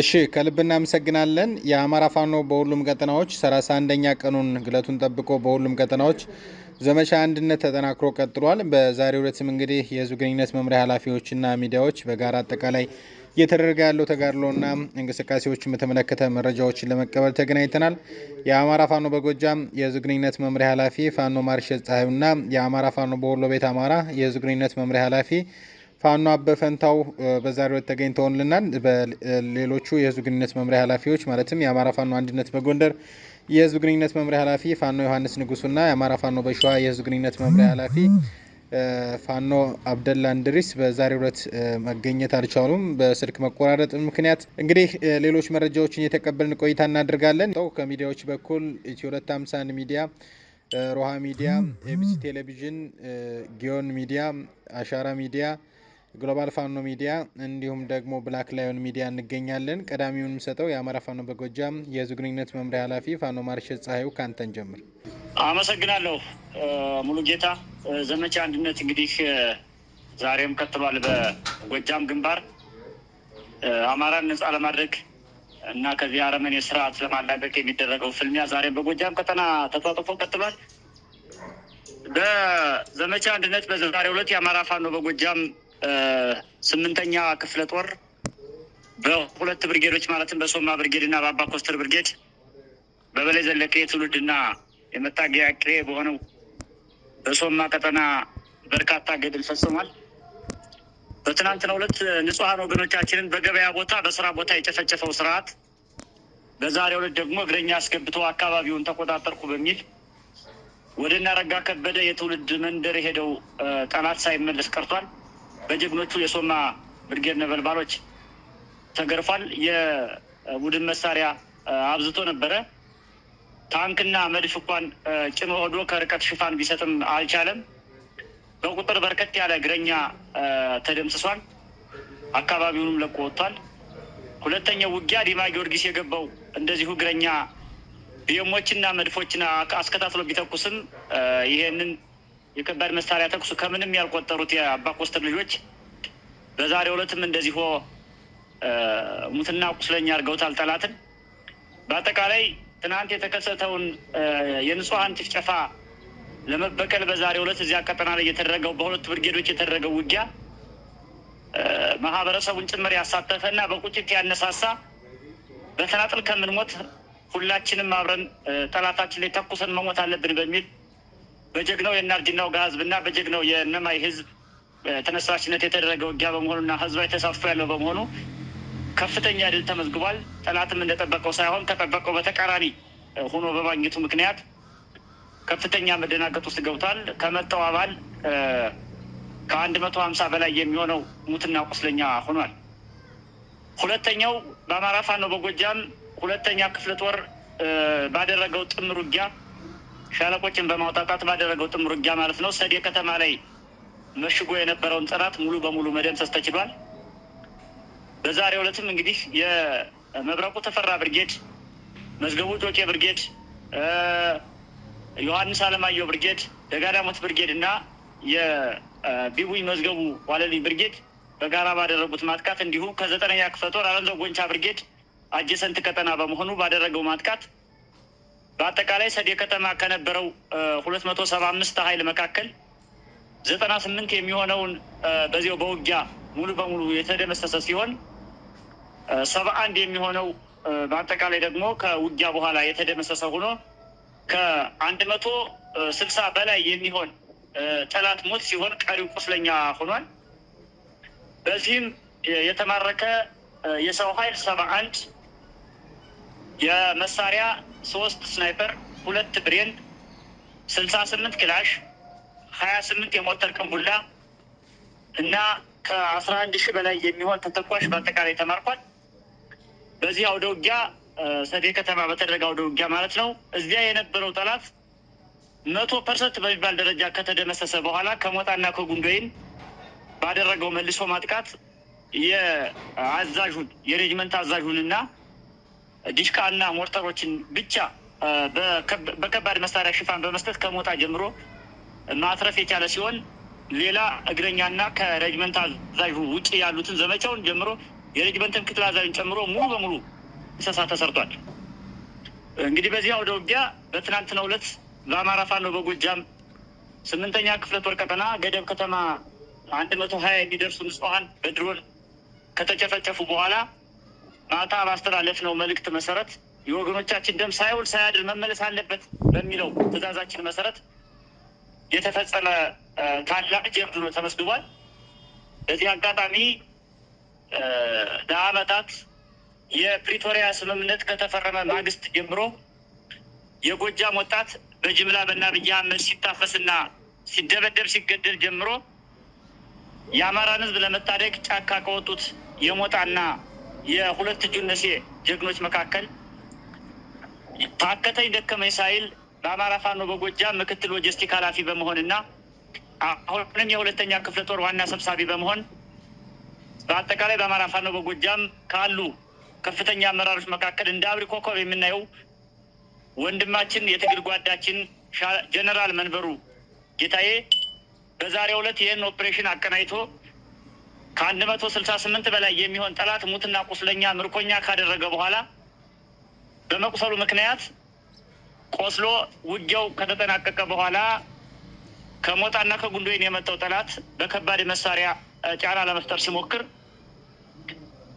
እሺ ከልብ እናመሰግናለን። የአማራ ፋኖ በሁሉም ቀጠናዎች 31ኛ ቀኑን ግለቱን ጠብቆ በሁሉም ቀጠናዎች ዘመቻ አንድነት ተጠናክሮ ቀጥሏል። በዛሬው ዕለትም እንግዲህ የህዝብ ግንኙነት መምሪያ ኃላፊዎችና ሚዲያዎች በጋራ አጠቃላይ እየተደረገ ያለው ተጋድሎና እንቅስቃሴዎችን በተመለከተ መረጃዎችን ለመቀበል ተገናኝተናል። የአማራ ፋኖ በጎጃም የህዝብ ግንኙነት መምሪያ ኃላፊ ፋኖ ማርሸል ፀሐዩና የአማራ ፋኖ በወሎ ቤት አማራ የህዝብ ግንኙነት መምሪያ ኃላፊ ፋኖ አበፈንታው በዛሬው ተገኝተውልናል። በሌሎቹ የህዝብ ግንኙነት መምሪያ ኃላፊዎች ማለትም የአማራ ፋኖ አንድነት በጎንደር የህዝብ ግንኙነት መምሪያ ኃላፊ ፋኖ ዮሐንስ ንጉሱና የአማራ ፋኖ በሸዋ የህዝብ ግንኙነት መምሪያ ኃላፊ ፋኖ አብደላ እንድሪስ በዛሬ ዕለት መገኘት አልቻሉም፣ በስልክ መቆራረጥ ምክንያት። እንግዲህ ሌሎች መረጃዎችን የተቀበልን ቆይታ እናደርጋለን። ው ከሚዲያዎች በኩል ኢትዮ 251 ሚዲያ፣ ሮሃ ሚዲያ፣ ኤቢሲ ቴሌቪዥን፣ ጊዮን ሚዲያ፣ አሻራ ሚዲያ ግሎባል ፋኖ ሚዲያ እንዲሁም ደግሞ ብላክ ላዮን ሚዲያ እንገኛለን። ቀዳሚውን የምሰጠው የአማራ ፋኖ በጎጃም የህዝብ ግንኙነት መምሪያ ኃላፊ ፋኖ ማርሸት ፀሐዩ ከአንተን ጀምር። አመሰግናለሁ ሙሉ ጌታ። ዘመቻ አንድነት እንግዲህ ዛሬም ቀጥሏል። በጎጃም ግንባር አማራን ነጻ ለማድረግ እና ከዚህ አረመኔ ስርዓት ለማላቀቅ የሚደረገው ፍልሚያ ዛሬም በጎጃም ቀጠና ተጧጥፎ ቀጥሏል። በዘመቻ አንድነት በዛሬው ዕለት የአማራ ፋኖ በጎጃም ስምንተኛ ክፍለ ጦር በሁለት ብርጌዶች ማለትም በሶማ ብርጌድ እና በአባ ኮስተር ብርጌድ በበላይ ዘለቀ እና የመታገያ ቅሬ በሆነው በሶማ ቀጠና በርካታ ገድል ፈጽሟል። በትናንትና ሁለት ንጹሐን ወገኖቻችንን በገበያ ቦታ፣ በስራ ቦታ የጨፈጨፈው ስርዓት በዛሬ ሁለት ደግሞ እግረኛ አስገብቶ አካባቢውን ተቆጣጠርኩ በሚል ወደ እናረጋ ከበደ የትውልድ መንደር የሄደው ጠላት ሳይመለስ ቀርቷል። በጀግኖቹ የሶማ ብርጌድ ነበልባሎች ተገርፏል። የቡድን መሳሪያ አብዝቶ ነበረ። ታንክና መድፍ እንኳን ጭኖ ሆዶ ከርቀት ሽፋን ቢሰጥም አልቻለም። በቁጥር በርከት ያለ እግረኛ ተደምስሷል። አካባቢውንም ለቆ ወጥቷል። ሁለተኛው ውጊያ ዲማ ጊዮርጊስ የገባው እንደዚሁ እግረኛ ቢኤሞችና መድፎችን አስከታትሎ ቢተኩስም ይሄንን የከባድ መሳሪያ ተኩሱ ከምንም ያልቆጠሩት የአባ ኮስተር ልጆች በዛሬው ዕለትም እንደዚሁ ሙትና ቁስለኛ አድርገውታል ጠላትን። በአጠቃላይ ትናንት የተከሰተውን የንጹሐን ጭፍጨፋ ለመበቀል በዛሬው ዕለት እዚያ ቀጠና ላይ የተደረገው በሁለቱ ብርጌዶች የተደረገው ውጊያ ማህበረሰቡን ጭምር ያሳተፈ እና በቁጭት ያነሳሳ በተናጥል ከምንሞት ሁላችንም አብረን ጠላታችን ላይ ተኩሰን መሞት አለብን በሚል በጀግናው የናርጅናው ጋ እና በጀግናው የነማይ ህዝብ ተነሳሽነት የተደረገ ውጊያ በመሆኑና ህዝባዊ ተሳትፎ ያለው በመሆኑ ከፍተኛ ድል ተመዝግቧል። ጠላትም እንደጠበቀው ሳይሆን ከጠበቀው በተቃራኒ ሆኖ በማግኘቱ ምክንያት ከፍተኛ መደናገጥ ውስጥ ገብቷል። ከመጣው አባል ከአንድ መቶ ሀምሳ በላይ የሚሆነው ሙትና ቁስለኛ ሆኗል። ሁለተኛው በአማራ ፋኖ በጎጃም ሁለተኛ ክፍለ ጦር ባደረገው ጥምር ውጊያ ሻለቆችን በማውጣጣት ባደረገው ጥምር ውጊያ ማለት ነው ሰዴ ከተማ ላይ መሽጎ የነበረውን ጠላት ሙሉ በሙሉ መደምሰስ ተችሏል። በዛሬው ዕለትም እንግዲህ የመብረቁ ተፈራ ብርጌድ፣ መዝገቡ ጮቄ ብርጌድ፣ ዮሐንስ አለማየሁ ብርጌድ፣ ደጋዳሞት ብርጌድ እና የቢቡይ መዝገቡ ዋለልኝ ብርጌድ በጋራ ባደረጉት ማጥቃት እንዲሁም ከዘጠነኛ ክፍለ ጦር አለምዘው ጎንቻ ብርጌድ አጀሰንት ቀጠና በመሆኑ ባደረገው ማጥቃት በአጠቃላይ ሰዴ ከተማ ከነበረው ሁለት መቶ ሰባ አምስት ኃይል መካከል ዘጠና ስምንት የሚሆነውን በዚያው በውጊያ ሙሉ በሙሉ የተደመሰሰ ሲሆን ሰባ አንድ የሚሆነው በአጠቃላይ ደግሞ ከውጊያ በኋላ የተደመሰሰ ሆኖ ከአንድ መቶ ስልሳ በላይ የሚሆን ጠላት ሞት ሲሆን ቀሪው ቁስለኛ ሆኗል። በዚህም የተማረከ የሰው ኃይል ሰባ አንድ የመሳሪያ ሶስት ስናይፐር፣ ሁለት ብሬን ስልሳ ስምንት ክላሽ፣ ሀያ ስምንት የሞተር ቅንቡላ እና ከአስራ አንድ ሺህ በላይ የሚሆን ተተኳሽ በአጠቃላይ ተማርኳል። በዚህ አውደ ውጊያ ሰዴ ከተማ በተደረገ አውደ ውጊያ ማለት ነው። እዚያ የነበረው ጠላት መቶ ፐርሰንት በሚባል ደረጃ ከተደመሰሰ በኋላ ከሞጣና ከጉንዶይን ባደረገው መልሶ ማጥቃት የአዛዡን የሬጅመንት እና ዲሽቃ እና ሞርተሮችን ብቻ በከባድ መሳሪያ ሽፋን በመስጠት ከሞጣ ጀምሮ ማትረፍ የቻለ ሲሆን ሌላ እግረኛና ከሬጅመንት አዛዡ ውጭ ያሉትን ዘመቻውን ጀምሮ የሬጅመንትን ክትል አዛዥን ጨምሮ ሙሉ በሙሉ እንስሳ ተሰርቷል። እንግዲህ በዚህ አውደ ውጊያ በትናንትናው ዕለት በአማራ ፋኖ በጎጃም ስምንተኛ ክፍለ ጦር ቀጠና ገደብ ከተማ አንድ መቶ ሀያ የሚደርሱ ንጹሀን በድሮን ከተጨፈጨፉ በኋላ ማታ ማስተላለፍ ነው መልእክት መሰረት የወገኖቻችን ደም ሳይውል ሳያድር መመለስ አለበት በሚለው ትእዛዛችን መሰረት የተፈጸመ ታላቅ ጀብዱ ነው ተመስግቧል። በዚህ አጋጣሚ ለአመታት የፕሪቶሪያ ስምምነት ከተፈረመ ማግስት ጀምሮ የጎጃም ወጣት በጅምላ በአብይ አህመድ ሲታፈስና ሲደበደብ ሲገደል ጀምሮ የአማራን ሕዝብ ለመታደግ ጫካ ከወጡት የሞጣና የሁለት እጁ እነሴ ጀግኖች መካከል ታከተኝ ደከመኝ ሳይል በአማራ ፋኖ በጎጃም ምክትል ሎጂስቲክ ኃላፊ በመሆንና አሁንም የሁለተኛ ክፍለ ጦር ዋና ሰብሳቢ በመሆን በአጠቃላይ በአማራ ፋኖ በጎጃም ካሉ ከፍተኛ አመራሮች መካከል እንደ አብሪ ኮከብ የምናየው ወንድማችን የትግል ጓዳችን ጀነራል መንበሩ ጌታዬ በዛሬው ዕለት ይህን ኦፕሬሽን አቀናጅቶ ከአንድ መቶ ስልሳ ስምንት በላይ የሚሆን ጠላት ሙትና ቁስለኛ ምርኮኛ ካደረገ በኋላ በመቁሰሉ ምክንያት ቆስሎ ውጊያው ከተጠናቀቀ በኋላ ከሞጣና ከጉንዶይን የመጣው ጠላት በከባድ መሳሪያ ጫና ለመፍጠር ሲሞክር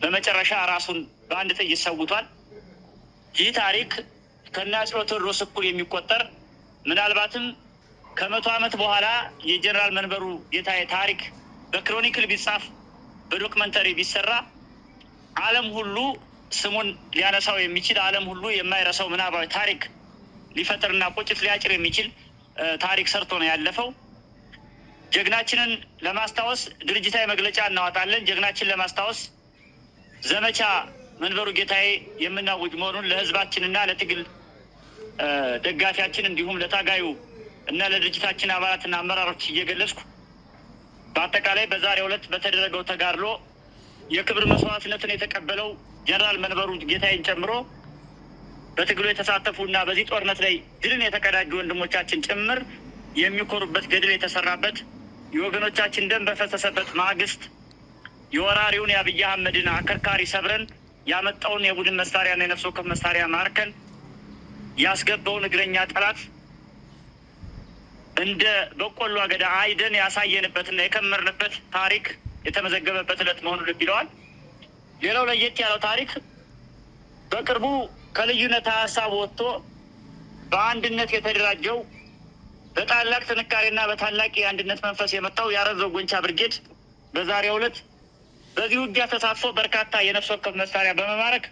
በመጨረሻ ራሱን በአንድ ጥይት ሰውቷል። ይህ ታሪክ ከአፄ ቴዎድሮስ እኩል የሚቆጠር ምናልባትም ከመቶ ዓመት በኋላ የጀኔራል መንበሩ ጌታዬ ታሪክ በክሮኒክል ቢጻፍ በዶክመንተሪ ቢሰራ ዓለም ሁሉ ስሙን ሊያነሳው የሚችል ዓለም ሁሉ የማይረሳው ምናባዊ ታሪክ ሊፈጥርና ቁጭት ሊያጭር የሚችል ታሪክ ሰርቶ ነው ያለፈው። ጀግናችንን ለማስታወስ ድርጅታዊ መግለጫ እናወጣለን። ጀግናችንን ለማስታወስ ዘመቻ መንበሩ ጌታዬ የምናውጅ መሆኑን ለህዝባችንና ለትግል ደጋፊያችን እንዲሁም ለታጋዩ እና ለድርጅታችን አባላትና አመራሮች እየገለጽኩ በአጠቃላይ በዛሬው ዕለት በተደረገው ተጋድሎ የክብር መስዋዕትነትን የተቀበለው ጀነራል መንበሩ ጌታዬን ጨምሮ በትግሉ የተሳተፉና በዚህ ጦርነት ላይ ድልን የተቀዳጁ ወንድሞቻችን ጭምር የሚኮሩበት ገድል የተሰራበት የወገኖቻችን ደም በፈሰሰበት ማግስት የወራሪውን የአብይ አህመድን አከርካሪ ሰብረን ያመጣውን የቡድን መሳሪያና የነፍስ ወከፍ መሳሪያ ማርከን ያስገባውን እግረኛ ጠላት እንደ በቆሎ አገዳ አይደን ያሳየንበትና የከመርንበት ታሪክ የተመዘገበበት ዕለት መሆኑ ልብ ይለዋል። ሌላው ለየት ያለው ታሪክ በቅርቡ ከልዩነት ሀሳብ ወጥቶ በአንድነት የተደራጀው በታላቅ ጥንካሬና በታላቅ የአንድነት መንፈስ የመጣው ያረዘው ጎንቻ ብርጌድ በዛሬው ዕለት በዚህ ውጊያ ተሳትፎ በርካታ የነፍስ ወከፍ መሳሪያ በመማረክ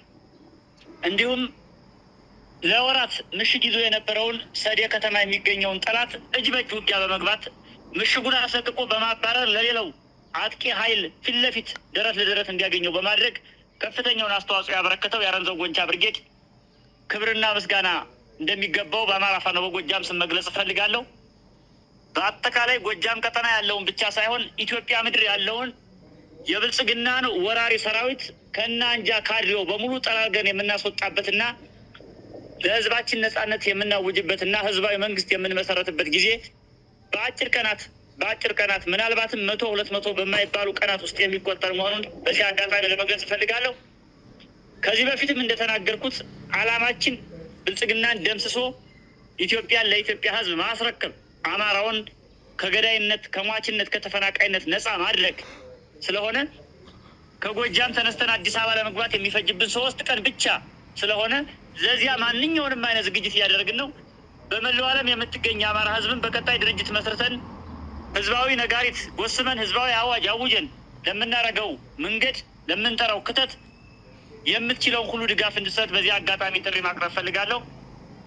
እንዲሁም ለወራት ምሽግ ይዞ የነበረውን ሰዴ ከተማ የሚገኘውን ጠላት እጅ በእጅ ውጊያ በመግባት ምሽጉን አሰቅቆ በማባረር ለሌላው አጥቂ ኃይል ፊት ለፊት ደረት ለደረት እንዲያገኘው በማድረግ ከፍተኛውን አስተዋጽኦ ያበረከተው የአረንዘው ጎንቻ ብርጌድ ክብርና ምስጋና እንደሚገባው በአማራ ፋኖ በጎጃም ስም መግለጽ እፈልጋለሁ። በአጠቃላይ ጎጃም ቀጠና ያለውን ብቻ ሳይሆን ኢትዮጵያ ምድር ያለውን የብልጽግናን ወራሪ ሰራዊት ከእናንጃ አንጃ ካድሬው በሙሉ ጠራርገን የምናስወጣበትና ለህዝባችን ነጻነት የምናውጅበትና ህዝባዊ መንግስት የምንመሰረትበት ጊዜ በአጭር ቀናት በአጭር ቀናት ምናልባትም መቶ ሁለት መቶ በማይባሉ ቀናት ውስጥ የሚቆጠር መሆኑን በዚህ አጋጣሚ ለመግለጽ እፈልጋለሁ። ከዚህ በፊትም እንደተናገርኩት አላማችን ብልጽግናን ደምስሶ ኢትዮጵያን ለኢትዮጵያ ህዝብ ማስረከብ፣ አማራውን ከገዳይነት ከሟችነት፣ ከተፈናቃይነት ነፃ ማድረግ ስለሆነ ከጎጃም ተነስተን አዲስ አበባ ለመግባት የሚፈጅብን ሶስት ቀን ብቻ ስለሆነ ለዚያ ማንኛውንም አይነት ዝግጅት እያደረግን ነው። በመላው ዓለም የምትገኝ የአማራ ህዝብን በቀጣይ ድርጅት መስርተን ህዝባዊ ነጋሪት ጎስመን ህዝባዊ አዋጅ አውጀን ለምናደርገው መንገድ ለምንጠራው ክተት የምትችለውን ሁሉ ድጋፍ እንድትሰጥ በዚህ አጋጣሚ ጥሪ ማቅረብ ፈልጋለሁ።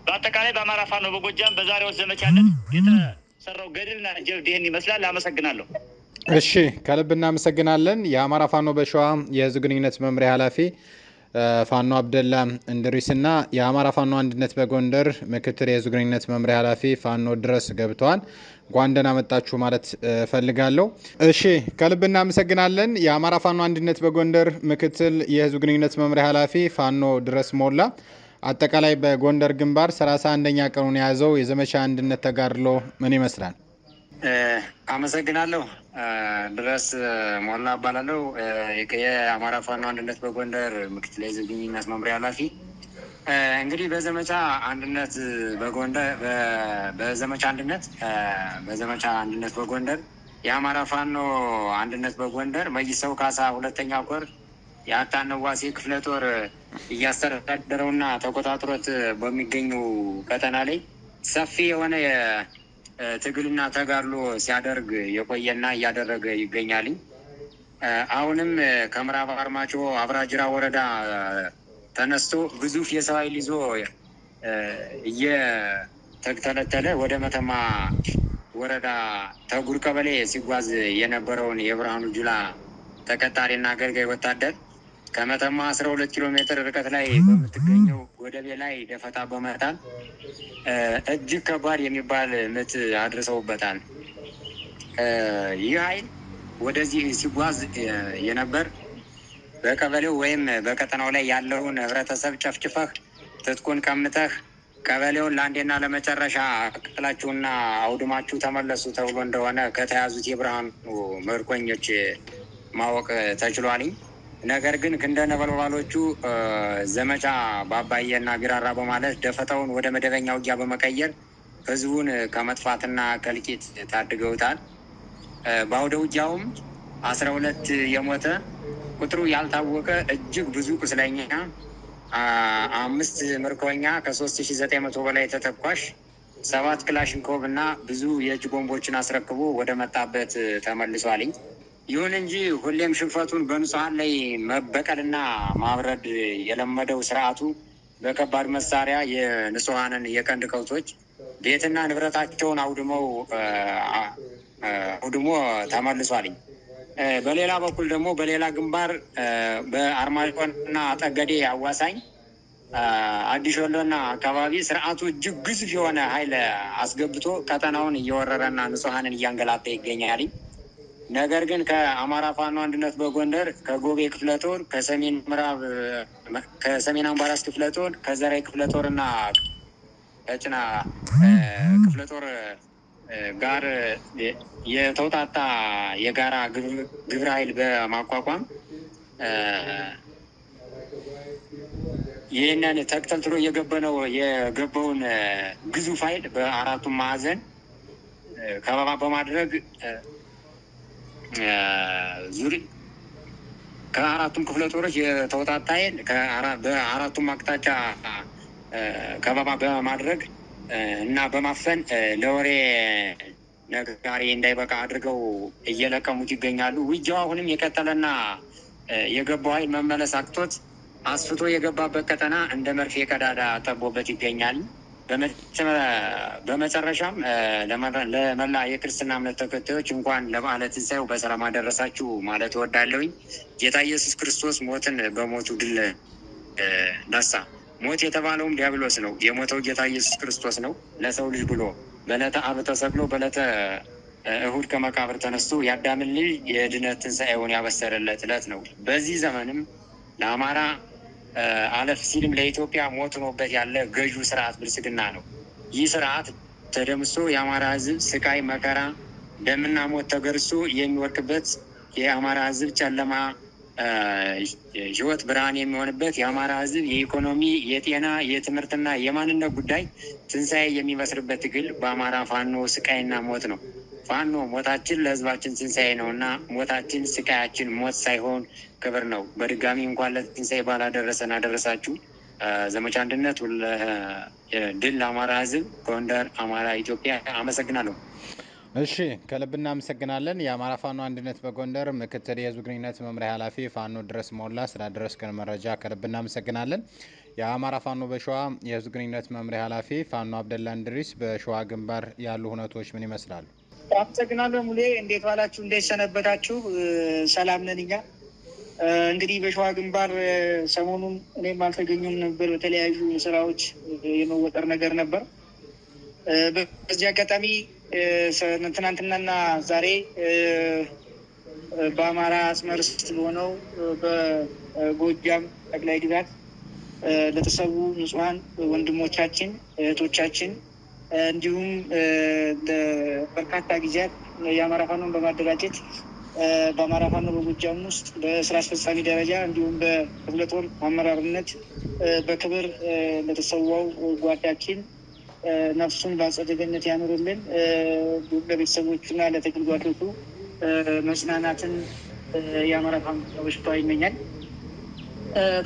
በአጠቃላይ በአማራ ፋኖ በጎጃም በዛሬው ዘመቻነት የተሰራው ገድልና ጀብድ ይህን ይመስላል። አመሰግናለሁ። እሺ ከልብ እናመሰግናለን። የአማራ ፋኖ በሸዋ የህዝብ ግንኙነት መምሪያ ኃላፊ ፋኖ አብደላ እንድሪስና የአማራ ፋኖ አንድነት በጎንደር ምክትል የህዝብ ግንኙነት መምሪያ ኃላፊ ፋኖ ድረስ ገብተዋል። እንኳን ደህና መጣችሁ ማለት እፈልጋለሁ። እሺ ከልብ እናመሰግናለን። የአማራ ፋኖ አንድነት በጎንደር ምክትል የህዝብ ግንኙነት መምሪያ ኃላፊ ፋኖ ድረስ ሞላ አጠቃላይ በጎንደር ግንባር 31ኛ ቀኑን የያዘው የዘመቻ አንድነት ተጋድሎ ምን ይመስላል? አመሰግናለሁ። ድረስ ሞላ እባላለሁ። የአማራ ፋኖ አንድነት በጎንደር ምክትል የህዝብ ግንኙነት መምሪያ ኃላፊ። እንግዲህ በዘመቻ አንድነት በጎንደር በዘመቻ አንድነት በዘመቻ አንድነት በጎንደር የአማራ ፋኖ አንድነት በጎንደር መይሰው ካሳ ሁለተኛ ኮር የአታነዋሴ ክፍለ ጦር እያስተዳደረውና ተቆጣጥሮት በሚገኙ ቀጠና ላይ ሰፊ የሆነ ትግልና ተጋድሎ ሲያደርግ የቆየና እያደረገ ይገኛል። አሁንም ከምዕራብ አርማጮ አብራጅራ ወረዳ ተነስቶ ግዙፍ የሰው ኃይል ይዞ እየተተለተለ ወደ መተማ ወረዳ ተጉር ቀበሌ ሲጓዝ የነበረውን የብርሃኑ ጁላ ተቀጣሪና አገልጋይ ወታደር ከመተማ 12 ኪሎ ሜትር ርቀት ላይ በምትገኘው ወደቤ ላይ ደፈጣ በመጣል እጅግ ከባድ የሚባል ምት አድርሰውበታል። ይህ ኃይል ወደዚህ ሲጓዝ የነበር በቀበሌው ወይም በቀጠናው ላይ ያለውን ህብረተሰብ ጨፍጭፈህ ትጥቁን ቀምተህ ቀበሌውን ለአንዴና ለመጨረሻ አቅጥላችሁና አውድማችሁ ተመለሱ ተብሎ እንደሆነ ከተያዙት የብርሃኑ መርኮኞች ማወቅ ተችሏልኝ። ነገር ግን ክንደነበልባሎቹ ነበልባሎቹ ዘመቻ በአባየና ቢራራ በማለት ደፈጣውን ወደ መደበኛ ውጊያ በመቀየር ህዝቡን ከመጥፋትና ከልቂት ታድገውታል። በአውደ ውጊያውም አስራ ሁለት የሞተ ቁጥሩ ያልታወቀ እጅግ ብዙ ቁስለኛ፣ አምስት ምርኮኛ፣ ከሶስት ሺ ዘጠኝ መቶ በላይ ተተኳሽ፣ ሰባት ክላሽንኮቭ እና ብዙ የእጅ ቦምቦችን አስረክቦ ወደ መጣበት ተመልሷልኝ። ይሁን እንጂ ሁሌም ሽንፈቱን በንጹሐን ላይ መበቀልና ማብረድ የለመደው ስርዓቱ በከባድ መሳሪያ የንጹሐንን የቀንድ ከብቶች ቤትና ንብረታቸውን አውድመው አውድሞ ተመልሷል። በሌላ በኩል ደግሞ በሌላ ግንባር በአርማጭሆና አጠገዴ አዋሳኝ ወሎና አካባቢ ስርዓቱ እጅግ ግዙፍ የሆነ ኃይል አስገብቶ ቀጠናውን እየወረረና ንጹሐንን እያንገላታ ይገኛል። ነገር ግን ከአማራ ፋኖ አንድነት በጎንደር ከጎቤ ክፍለ ጦር፣ ከሰሜን ምዕራብ ከሰሜን አምባራስ ክፍለ ጦር፣ ከዘራይ ክፍለ ጦር እና ከጭና ክፍለ ጦር ጋር የተውጣጣ የጋራ ግብረ ኃይል በማቋቋም ይህንን ተቅተልትሎ እየገበነው የገባውን ግዙፍ ኃይል በአራቱም ማዕዘን ከበባ በማድረግ ዙሪ ከአራቱም ክፍለ ጦሮች የተወጣጣ ኃይል በአራቱም አቅጣጫ ከበባ በማድረግ እና በማፈን ለወሬ ነጋሪ እንዳይበቃ አድርገው እየለቀሙት ይገኛሉ። ውጊያው አሁንም የቀጠለና የገባው ኃይል መመለስ አቅቶት አስፍቶ የገባበት ቀጠና እንደ መርፌ ቀዳዳ ጠቦበት ይገኛል። በመጨረሻም ለመላ የክርስትና እምነት ተከታዮች እንኳን ለበዓለ ትንሣኤው በሰላም አደረሳችሁ ማለት እወዳለሁኝ። ጌታ ኢየሱስ ክርስቶስ ሞትን በሞቱ ድል ነሳ። ሞት የተባለውም ዲያብሎስ ነው። የሞተው ጌታ ኢየሱስ ክርስቶስ ነው ለሰው ልጅ ብሎ በዕለተ አብ ተሰቅሎ በዕለተ እሁድ ከመቃብር ተነስቶ የአዳምን ልጅ የድነት ትንሣኤውን ያበሰረለት ዕለት ነው። በዚህ ዘመንም ለአማራ አለፍ ሲልም ለኢትዮጵያ ሞት ሆኖበት ያለ ገዢ ስርዓት ብልጽግና ነው። ይህ ስርዓት ተደምሶ የአማራ ህዝብ ስቃይ፣ መከራ፣ ደምና ሞት ተገርሶ የሚወድቅበት የአማራ ህዝብ ጨለማ ህይወት ብርሃን የሚሆንበት የአማራ ህዝብ የኢኮኖሚ፣ የጤና፣ የትምህርትና የማንነት ጉዳይ ትንሣኤ የሚመስርበት ትግል በአማራ ፋኖ ስቃይና ሞት ነው። ፋኖ ሞታችን ለህዝባችን ትንሳኤ ነው እና ሞታችን ስቃያችን ሞት ሳይሆን ክብር ነው። በድጋሚ እንኳን ለትንሳኤ በዓል አደረሰን አደረሳችሁ። ዘመቻ አንድነት ድል አማራ ህዝብ፣ ጎንደር፣ አማራ፣ ኢትዮጵያ። አመሰግናለሁ። እሺ ከልብ እናመሰግናለን። የአማራ ፋኖ አንድነት በጎንደር ምክትል የህዝብ ግንኙነት መምሪያ ኃላፊ ፋኖ ድረስ ሞላ ቀን መረጃ ከልብ እናመሰግናለን። የአማራ ፋኖ በሸዋ የህዝብ ግንኙነት መምሪያ ኃላፊ ፋኖ አብደላ እንድሪስ፣ በሸዋ ግንባር ያሉ ሁነቶች ምን ይመስላሉ? አመሰግናለሁ ሙሌ። እንዴት ዋላችሁ? እንዴት ሰነበታችሁ? ሰላም ነን እኛ። እንግዲህ በሸዋ ግንባር ሰሞኑን እኔም አልተገኙም ነበር፣ በተለያዩ ስራዎች የመወጠር ነገር ነበር። በዚህ አጋጣሚ ትናንትናና ዛሬ በአማራ አስመርስ ሆነው በጎጃም ጠቅላይ ግዛት ለተሰዉ ንጹሀን ወንድሞቻችን እህቶቻችን እንዲሁም በርካታ ጊዜያት የአማራ ፋኖን በማደራጀት በአማራ ፋኖ በጎጃም ውስጥ በስራ አስፈጻሚ ደረጃ እንዲሁም በክፍለ ጦር አመራርነት በክብር ለተሰዋው ጓዳችን ነፍሱን በአጸደ ገነት ያኑርልን። እንዲሁም ለቤተሰቦቹና ለትግል ጓዶቹ መጽናናትን የአማራ ፋኖ በሸዋ ይመኛል።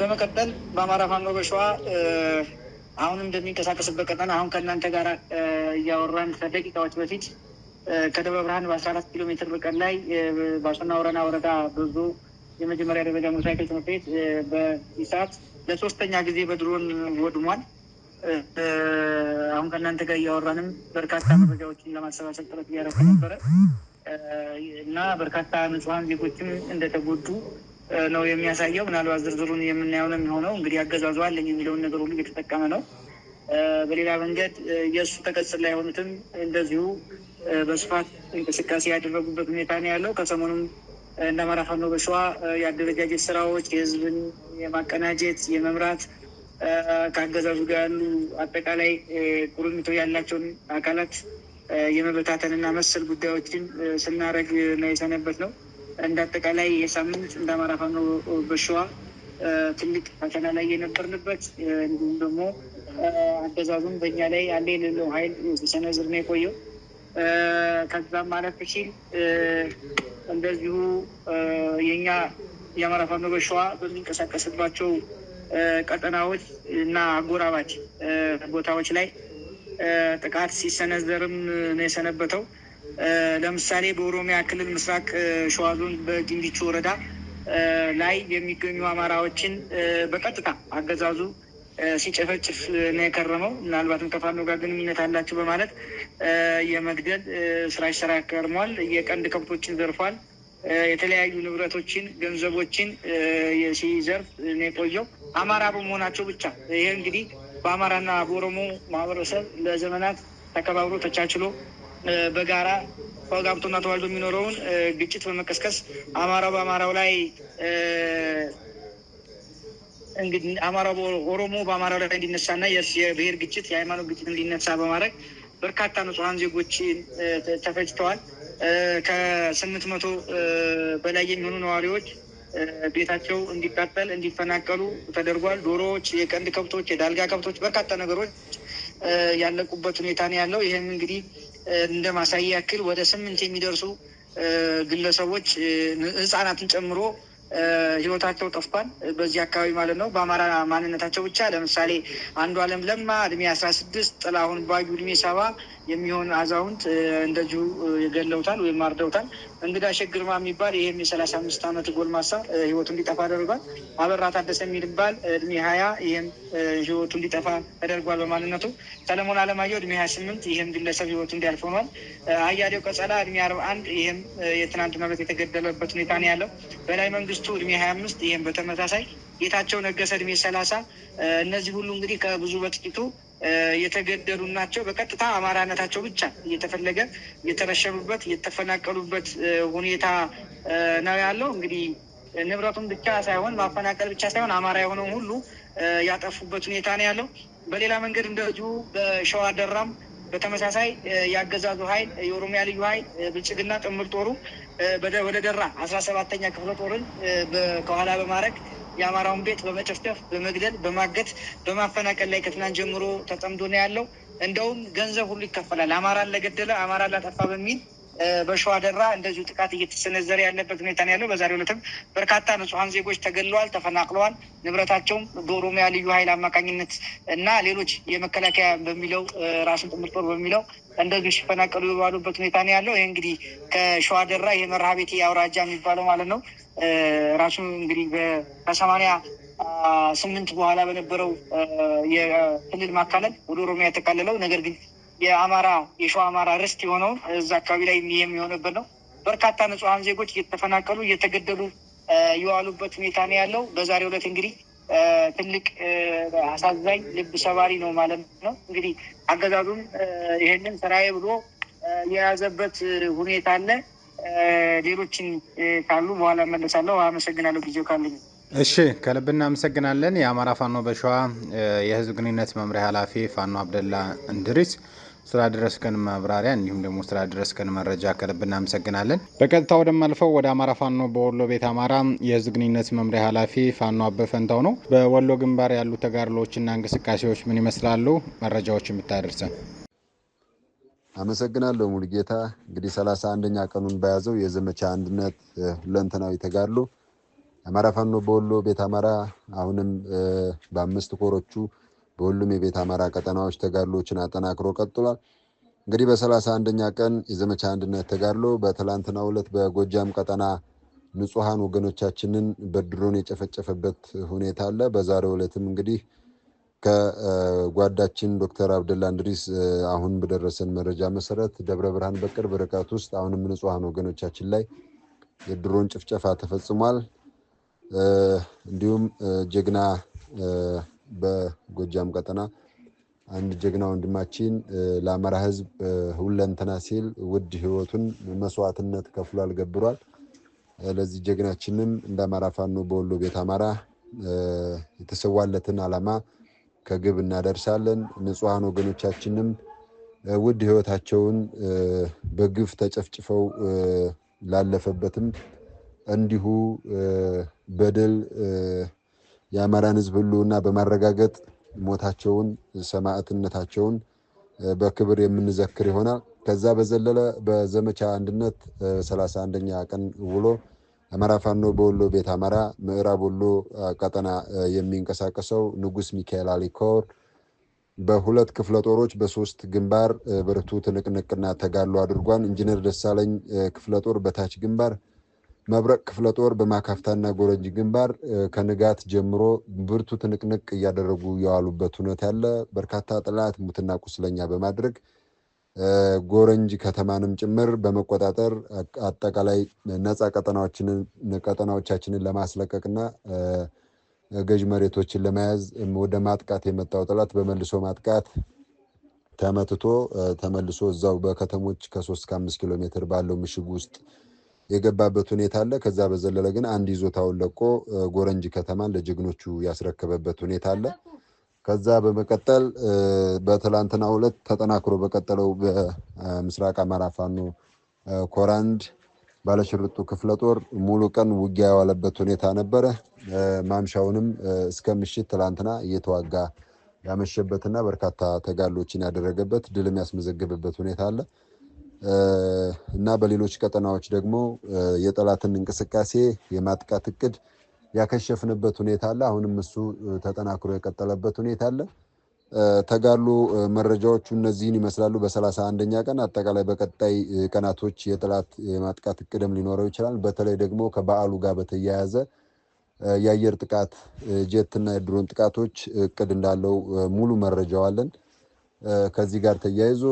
በመቀጠል በአማራ ፋኖ በሸዋ አሁንም እንደሚንቀሳቀስበት ቀጠና አሁን ከእናንተ ጋር እያወራን ከደቂቃዎች በፊት ከደብረ ብርሃን በአስራ አራት ኪሎ ሜትር ርቀት ላይ በአሶና ወረና ወረዳ ብዙ የመጀመሪያ ደረጃ ሞተርሳይክል ትምህርት ቤት በኢሳት ለሶስተኛ ጊዜ በድሮን ወድሟል። አሁን ከእናንተ ጋር እያወራንም በርካታ መረጃዎችን ለማሰባሰብ ጥረት እያደረኩ ነበረ እና በርካታ ንጹሐን ዜጎችም እንደተጎዱ ነው የሚያሳየው። ምናልባት ዝርዝሩን የምናየው ነው የሚሆነው። እንግዲህ አገዛዙ አለኝ የሚለውን ነገር ሁሉ እየተጠቀመ ነው። በሌላ መንገድ የእሱ ተቀጽል ላይ የሆኑትም እንደዚሁ በስፋት እንቅስቃሴ ያደረጉበት ሁኔታ ነው ያለው። ከሰሞኑም እንደ አማራ ፋኖ በሸዋ የአደረጃጀት ስራዎች፣ የህዝብን የማቀናጀት የመምራት ከአገዛዙ ጋር ያሉ አጠቃላይ ቁርኝቶ ያላቸውን አካላት የመበታተን እና መሰል ጉዳዮችን ስናደርግ ነው የሰነበት ነው። እንደ አጠቃላይ የሳምንት እንደ አማራ ፋኖ በሸዋ ትልቅ ፈተና ላይ የነበርንበት እንዲሁም ደግሞ አገዛዙም በኛ ላይ ያለ የሌለው ኃይል ሲሰነዝር ነው የቆየው። ከዛም ማለፍ ሲል እንደዚሁ የኛ የአማራ ፋኖ በሸዋ በሚንቀሳቀስባቸው ቀጠናዎች እና አጎራባች ቦታዎች ላይ ጥቃት ሲሰነዘርም ነው የሰነበተው። ለምሳሌ በኦሮሚያ ክልል ምስራቅ ሸዋ ዞን በግንቢቹ ወረዳ ላይ የሚገኙ አማራዎችን በቀጥታ አገዛዙ ሲጨፈጭፍ ነው የከረመው። ምናልባትም ከፋኖ ጋር ግንኙነት አላቸው በማለት የመግደል ስራ ሲሰራ ከርሟል። የቀንድ ከብቶችን ዘርፏል። የተለያዩ ንብረቶችን፣ ገንዘቦችን ሲዘርፍ ነው የቆየው አማራ በመሆናቸው ብቻ። ይሄ እንግዲህ በአማራና በኦሮሞ ማህበረሰብ ለዘመናት ተከባብሮ ተቻችሎ በጋራ ተጋብቶና ተዋልዶ የሚኖረውን ግጭት በመቀስቀስ አማራው በአማራው ላይ እንግዲህ አማራው ኦሮሞ በአማራው ላይ እንዲነሳና የብሔር ግጭት የሃይማኖት ግጭት እንዲነሳ በማድረግ በርካታ ንጹሐን ዜጎች ተፈጅተዋል። ከስምንት መቶ በላይ የሚሆኑ ነዋሪዎች ቤታቸው እንዲቃጠል እንዲፈናቀሉ ተደርጓል። ዶሮዎች፣ የቀንድ ከብቶች፣ የዳልጋ ከብቶች በርካታ ነገሮች ያለቁበት ሁኔታ ነው ያለው። ይህም እንግዲህ እንደ ማሳያ ያክል ወደ ስምንት የሚደርሱ ግለሰቦች ህጻናትን ጨምሮ ህይወታቸው ጠፍቷል። በዚህ አካባቢ ማለት ነው። በአማራ ማንነታቸው ብቻ ለምሳሌ አንዱ አለም ለማ እድሜ አስራ ስድስት ጥላሁን ባዩ እድሜ ሰባ የሚሆን አዛውንት እንደዚሁ ገለውታል ወይም አርደውታል። እንግዳ ሸግርማ የሚባል ይህም የሰላሳ አምስት ዓመት ጎልማሳ ህይወቱ እንዲጠፋ አደርጓል። አበራ ታደሰ የሚባል እድሜ ሀያ ይህም ህይወቱ እንዲጠፋ ተደርጓል በማንነቱ። ሰለሞን አለማየሁ እድሜ ሀያ ስምንት ይህም ግለሰብ ህይወቱ እንዲያልፍ ሆኗል። አያሌው ቀጸላ እድሜ አርባ አንድ ይህም የትናንት ዕለት የተገደለበት ሁኔታ ነው ያለው። በላይ መንግስቱ እድሜ ሀያ አምስት ይህም በተመሳሳይ ጌታቸው ነገሰ እድሜ ሰላሳ እነዚህ ሁሉ እንግዲህ ከብዙ በጥቂቱ የተገደሉ ናቸው። በቀጥታ አማራነታቸው ብቻ እየተፈለገ እየተረሸኑበት እየተፈናቀሉበት ሁኔታ ነው ያለው። እንግዲህ ንብረቱን ብቻ ሳይሆን ማፈናቀል ብቻ ሳይሆን አማራ የሆነውን ሁሉ ያጠፉበት ሁኔታ ነው ያለው። በሌላ መንገድ እንደዚሁ በሸዋ ደራም በተመሳሳይ የአገዛዙ ኃይል የኦሮሚያ ልዩ ኃይል ብልጽግና ጥምር ጦሩ ወደ ደራ አስራ ሰባተኛ ክፍለ ጦርን ከኋላ በማድረግ የአማራውን ቤት በመጨፍጨፍ በመግደል በማገት በማፈናቀል ላይ ከትናንት ጀምሮ ተጠምዶ ነው ያለው። እንደውም ገንዘብ ሁሉ ይከፈላል አማራን ለገደለ አማራን ላጠፋ በሚል በሸዋ ደራ እንደዚሁ ጥቃት እየተሰነዘረ ያለበት ሁኔታ ነው ያለው። በዛሬው ዕለትም በርካታ ንጹሐን ዜጎች ተገለዋል፣ ተፈናቅለዋል። ንብረታቸውም በኦሮሚያ ልዩ ኃይል አማካኝነት እና ሌሎች የመከላከያ በሚለው ራሱን ጥምር ጦር በሚለው እንደዚሁ ሲፈናቀሉ የባሉበት ሁኔታ ነው ያለው። ይህ እንግዲህ ከሸዋ ደራ የመርሃ ቤት አውራጃ የሚባለው ማለት ነው ራሱ እንግዲህ ከሰማንያ ስምንት በኋላ በነበረው የክልል ማካለል ወደ ኦሮሚያ የተካለለው ነገር ግን የአማራ የሸዋ አማራ ርስት የሆነው እዛ አካባቢ ላይ የሚሆንበት ነው። በርካታ ንጹሐን ዜጎች እየተፈናቀሉ እየተገደሉ የዋሉበት ሁኔታ ነው ያለው። በዛሬው ዕለት እንግዲህ ትልቅ አሳዛኝ ልብ ሰባሪ ነው ማለት ነው። እንግዲህ አገዛዙም ይህንን ስራዬ ብሎ የያዘበት ሁኔታ አለ። ሌሎችን ካሉ በኋላ መለሳለሁ። አመሰግናለሁ ጊዜው ካለኝ። እሺ ከልብ እናመሰግናለን። የአማራ ፋኖ በሸዋ የህዝብ ግንኙነት መምሪያ ኃላፊ ፋኖ አብደላ እንድሪስ ስላደረስከን ማብራሪያ እንዲሁም ደግሞ ስላደረስከን መረጃ ከልብ እናመሰግናለን። በቀጥታ ወደማልፈው ወደ አማራ ፋኖ በወሎ ቤት አማራ የህዝብ ግንኙነት መምሪያ ኃላፊ ፋኖ አበ ፈንታው ነው። በወሎ ግንባር ያሉ ተጋድሎዎችና እንቅስቃሴዎች ምን ይመስላሉ? መረጃዎች የምታደርሰን። አመሰግናለሁ ሙሉጌታ። እንግዲህ ሰላሳ አንደኛ ቀኑን በያዘው የዘመቻ አንድነት ሁለንተናዊ ተጋድሎ አማራ ፋኖ በወሎ ቤት አማራ አሁንም በአምስት ኮሮቹ በሁሉም የቤት አማራ ቀጠናዎች ተጋድሎችን አጠናክሮ ቀጥሏል። እንግዲህ በሰላሳ አንደኛ ቀን የዘመቻ አንድነት ተጋድሎ በትላንትና ዕለት በጎጃም ቀጠና ንጹሐን ወገኖቻችንን በድሮን የጨፈጨፈበት ሁኔታ አለ። በዛሬው ዕለትም እንግዲህ ከጓዳችን ዶክተር አብደላ እንድሪስ አሁን በደረሰን መረጃ መሰረት ደብረ ብርሃን በቅርብ ርቀት ውስጥ አሁንም ንጹሐን ወገኖቻችን ላይ የድሮን ጭፍጨፋ ተፈጽሟል። እንዲሁም ጀግና በጎጃም ቀጠና አንድ ጀግና ወንድማችን ለአማራ ህዝብ ሁለንተና ሲል ውድ ህይወቱን መስዋዕትነት ከፍሏል አልገብሯል። ለዚህ ጀግናችንም እንደ አማራ ፋኖ በወሎ ቤት አማራ የተሰዋለትን አላማ ከግብ እናደርሳለን። ንጹሐን ወገኖቻችንም ውድ ህይወታቸውን በግፍ ተጨፍጭፈው ላለፈበትም እንዲሁ በድል የአማራን ህዝብ ህልውና በማረጋገጥ ሞታቸውን ሰማዕትነታቸውን በክብር የምንዘክር ይሆናል። ከዛ በዘለለ በዘመቻ አንድነት 31ኛ ቀን ውሎ አማራ ፋኖ በወሎ ቤት አማራ ምዕራብ ወሎ ቀጠና የሚንቀሳቀሰው ንጉስ ሚካኤል አሊኮር በሁለት ክፍለ ጦሮች በሶስት ግንባር ብርቱ ትንቅንቅና ተጋድሎ አድርጓል። ኢንጂነር ደሳለኝ ክፍለ ጦር በታች ግንባር መብረቅ ክፍለ ጦር በማካፍታና ጎረንጂ ግንባር ከንጋት ጀምሮ ብርቱ ትንቅንቅ እያደረጉ የዋሉበት ሁነት ያለ በርካታ ጠላት ሙትና ቁስለኛ በማድረግ ጎረንጂ ከተማንም ጭምር በመቆጣጠር አጠቃላይ ነፃ ቀጠናዎቻችንን ለማስለቀቅና ገዥ መሬቶችን ለመያዝ ወደ ማጥቃት የመጣው ጠላት በመልሶ ማጥቃት ተመትቶ ተመልሶ እዛው በከተሞች ከሶስት ከአምስት ኪሎ ሜትር ባለው ምሽግ ውስጥ የገባበት ሁኔታ አለ። ከዛ በዘለለ ግን አንድ ይዞታውን ለቆ ጎረንጅ ከተማን ለጀግኖቹ ያስረከበበት ሁኔታ አለ። ከዛ በመቀጠል በትላንትናው ዕለት ተጠናክሮ በቀጠለው በምስራቅ አማራ ፋኖ ባለሽርጡ ክፍለ ጦር ሙሉ ቀን ውጊያ የዋለበት ሁኔታ ነበረ። ማምሻውንም እስከ ምሽት ትላንትና እየተዋጋ ያመሸበትና በርካታ ተጋድሎችን ያደረገበት ድልም ያስመዘገበበት ሁኔታ አለ። እና በሌሎች ቀጠናዎች ደግሞ የጠላትን እንቅስቃሴ የማጥቃት እቅድ ያከሸፍንበት ሁኔታ አለ። አሁንም እሱ ተጠናክሮ የቀጠለበት ሁኔታ አለ። ተጋሉ መረጃዎቹ እነዚህን ይመስላሉ። በሰላሳ አንደኛ ቀን አጠቃላይ በቀጣይ ቀናቶች የጠላት የማጥቃት እቅድም ሊኖረው ይችላል። በተለይ ደግሞ ከበዓሉ ጋር በተያያዘ የአየር ጥቃት ጀትና የድሮን ጥቃቶች እቅድ እንዳለው ሙሉ መረጃው አለን። ከዚህ ጋር ተያይዞ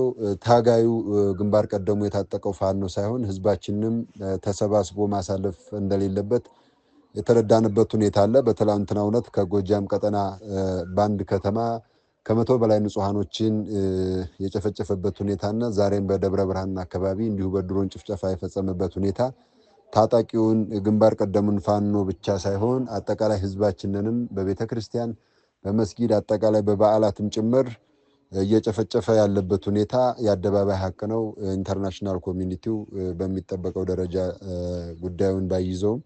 ታጋዩ ግንባር ቀደሙ የታጠቀው ፋኖ ሳይሆን ህዝባችንም ተሰባስቦ ማሳለፍ እንደሌለበት የተረዳንበት ሁኔታ አለ። በትላንትና እውነት ከጎጃም ቀጠና በአንድ ከተማ ከመቶ በላይ ንጹሐኖችን የጨፈጨፈበት ሁኔታና ዛሬም በደብረ ብርሃን አካባቢ እንዲሁ በድሮን ጭፍጨፋ የፈጸመበት ሁኔታ ታጣቂውን ግንባር ቀደሙን ፋኖ ብቻ ሳይሆን አጠቃላይ ህዝባችንንም በቤተ ክርስቲያን፣ በመስጊድ አጠቃላይ በበዓላትም ጭምር እየጨፈጨፈ ያለበት ሁኔታ የአደባባይ ሀቅ ነው። ኢንተርናሽናል ኮሚኒቲው በሚጠበቀው ደረጃ ጉዳዩን ባይዘውም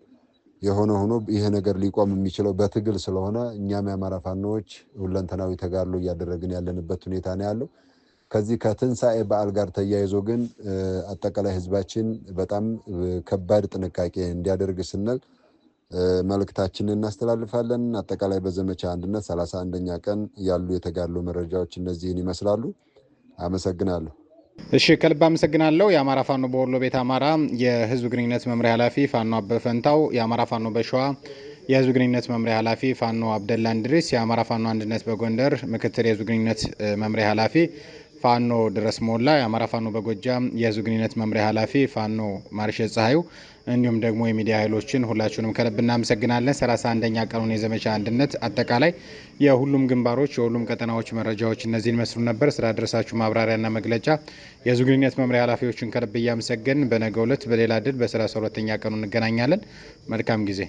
የሆነ ሆኖ ይሄ ነገር ሊቆም የሚችለው በትግል ስለሆነ እኛም የአማራ ፋኖዎች ሁለንተናዊ ተጋድሎ እያደረግን ያለንበት ሁኔታ ነው ያለው። ከዚህ ከትንሣኤ በዓል ጋር ተያይዞ ግን አጠቃላይ ህዝባችን በጣም ከባድ ጥንቃቄ እንዲያደርግ ስንል መልእክታችንን እናስተላልፋለን። አጠቃላይ በዘመቻ አንድነት ሰላሳ አንደኛ ቀን ያሉ የተጋድሎ መረጃዎች እነዚህን ይመስላሉ። አመሰግናለሁ። እሺ ከልብ አመሰግናለሁ። የአማራ ፋኖ በወሎ ቤት አማራ የህዝብ ግንኙነት መምሪያ ኃላፊ ፋኖ አበፈንታው፣ የአማራ ፋኖ በሸዋ የህዝብ ግንኙነት መምሪያ ኃላፊ ፋኖ አብደላ እንድሪስ፣ የአማራ ፋኖ አንድነት በጎንደር ምክትል የህዝብ ግንኙነት መምሪያ ኃላፊ ፋኖ ድረስ ሞላ የአማራ ፋኖ በጎጃም የህዝብ ግንኙነት መምሪያ ኃላፊ ፋኖ ማርሽ ፀሐዩ እንዲሁም ደግሞ የሚዲያ ኃይሎችን ሁላችሁንም ከልብ እናመሰግናለን። አንደኛ ቀኑን የዘመቻ አንድነት አጠቃላይ የሁሉም ግንባሮች የሁሉም ቀጠናዎች መረጃዎች እነዚህን መስሉ ነበር። ስላደረሳችሁ ማብራሪያና መግለጫ የህዝብ ግንኙነት መምሪያ ኃላፊዎችን ከልብ እያመሰገን በነገው ዕለት በሌላ ድል በ ሁለተኛ ቀኑ እንገናኛለን። መልካም ጊዜ